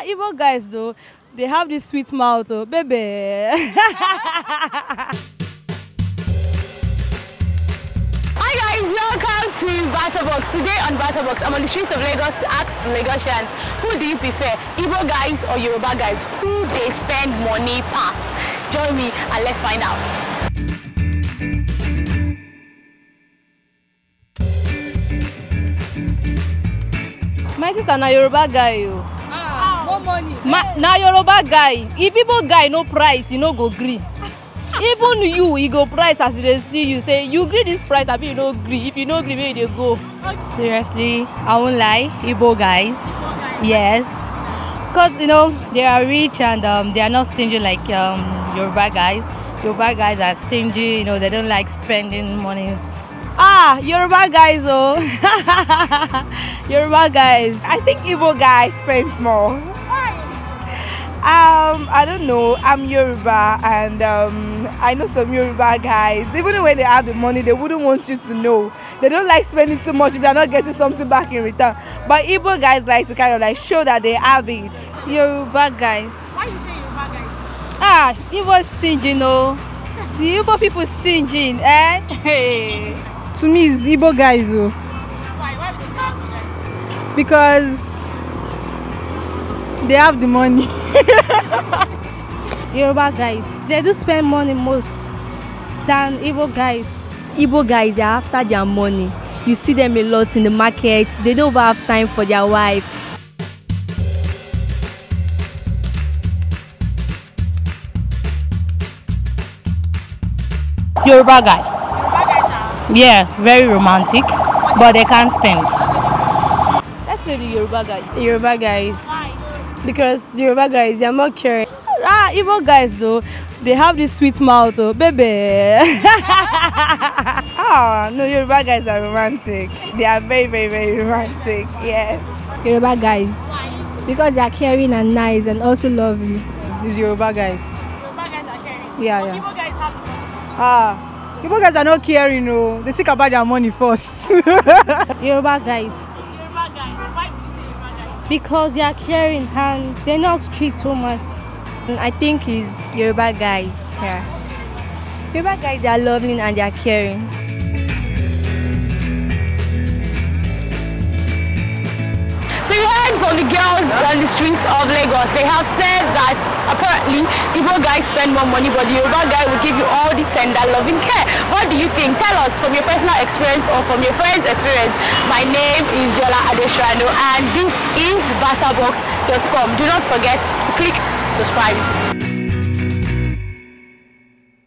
Ah, Igbo guys though, they have this sweet mouth, oh, baby. Hi guys, welcome to Batterbox. Today on Batterbox, I'm on the streets of Lagos to ask Lagosians, who do you prefer, evil guys or Yoruba guys? Who they spend money past? Join me and let's find out. My sister na Yoruba guy. you. Oh. Now money Ma na yoruba guy if igbo guy no price you no go gree even you you go price as they see you say you gree this price abi you no gree if you no gree where you go. seriously i won't lie Ibo guys yes because you know they are rich and um, they are not stingy like um, yoruba guys yoruba guys are stingy you know they don't like spending money. ah yoruba guys oh yoruba guys i think Ibo guys spend more. Um, I don't know. I'm Yoruba, and um, I know some Yoruba guys. Even when they have the money, they wouldn't want you to know. They don't like spending too much if they're not getting something back in return. But Igbo guys like to kind of like show that they have it. Yoruba guys. Why you say Yoruba guys? Ah, Igbo stingy, no. Oh. the Igbo people stingy, eh? Hey. to me, it's Igbo guys, though. Why? Why Because they have the money. Yoruba guys, they do spend money most than Igbo guys. Igbo guys are after their money. You see them a lot in the market. They don't have time for their wife. Yoruba guy. Yoruba guy yeah, very romantic, but they can't spend. That's the Yoruba guy. Yoruba guys. Why? because the Yoruba guys, they are more caring. Ah, Igbo guys though, they have this sweet mouth oh, baby. ah, no, Yoruba guys are romantic. They are very, very, very romantic, yes. Yoruba guys, because they are caring and nice and also lovely. These Yoruba guys. Yoruba guys are caring. Yeah, yeah. Igbo guys have Ah, Yoruba guys are not caring, no. They think about their money first. Yoruba guys. because they are caring and they're not treat women. I think your Yoruba guys here. Yoruba guys they are loving and they are caring. girls on the streets of Lagos. They have said that apparently Igbo guys spend more money, but the Yoruba guy will give you all the tender, loving care. What do you think? Tell us from your personal experience or from your friend's experience. My name is Yola Adeshrano, and this is BatterBox.com. Do not forget to click subscribe.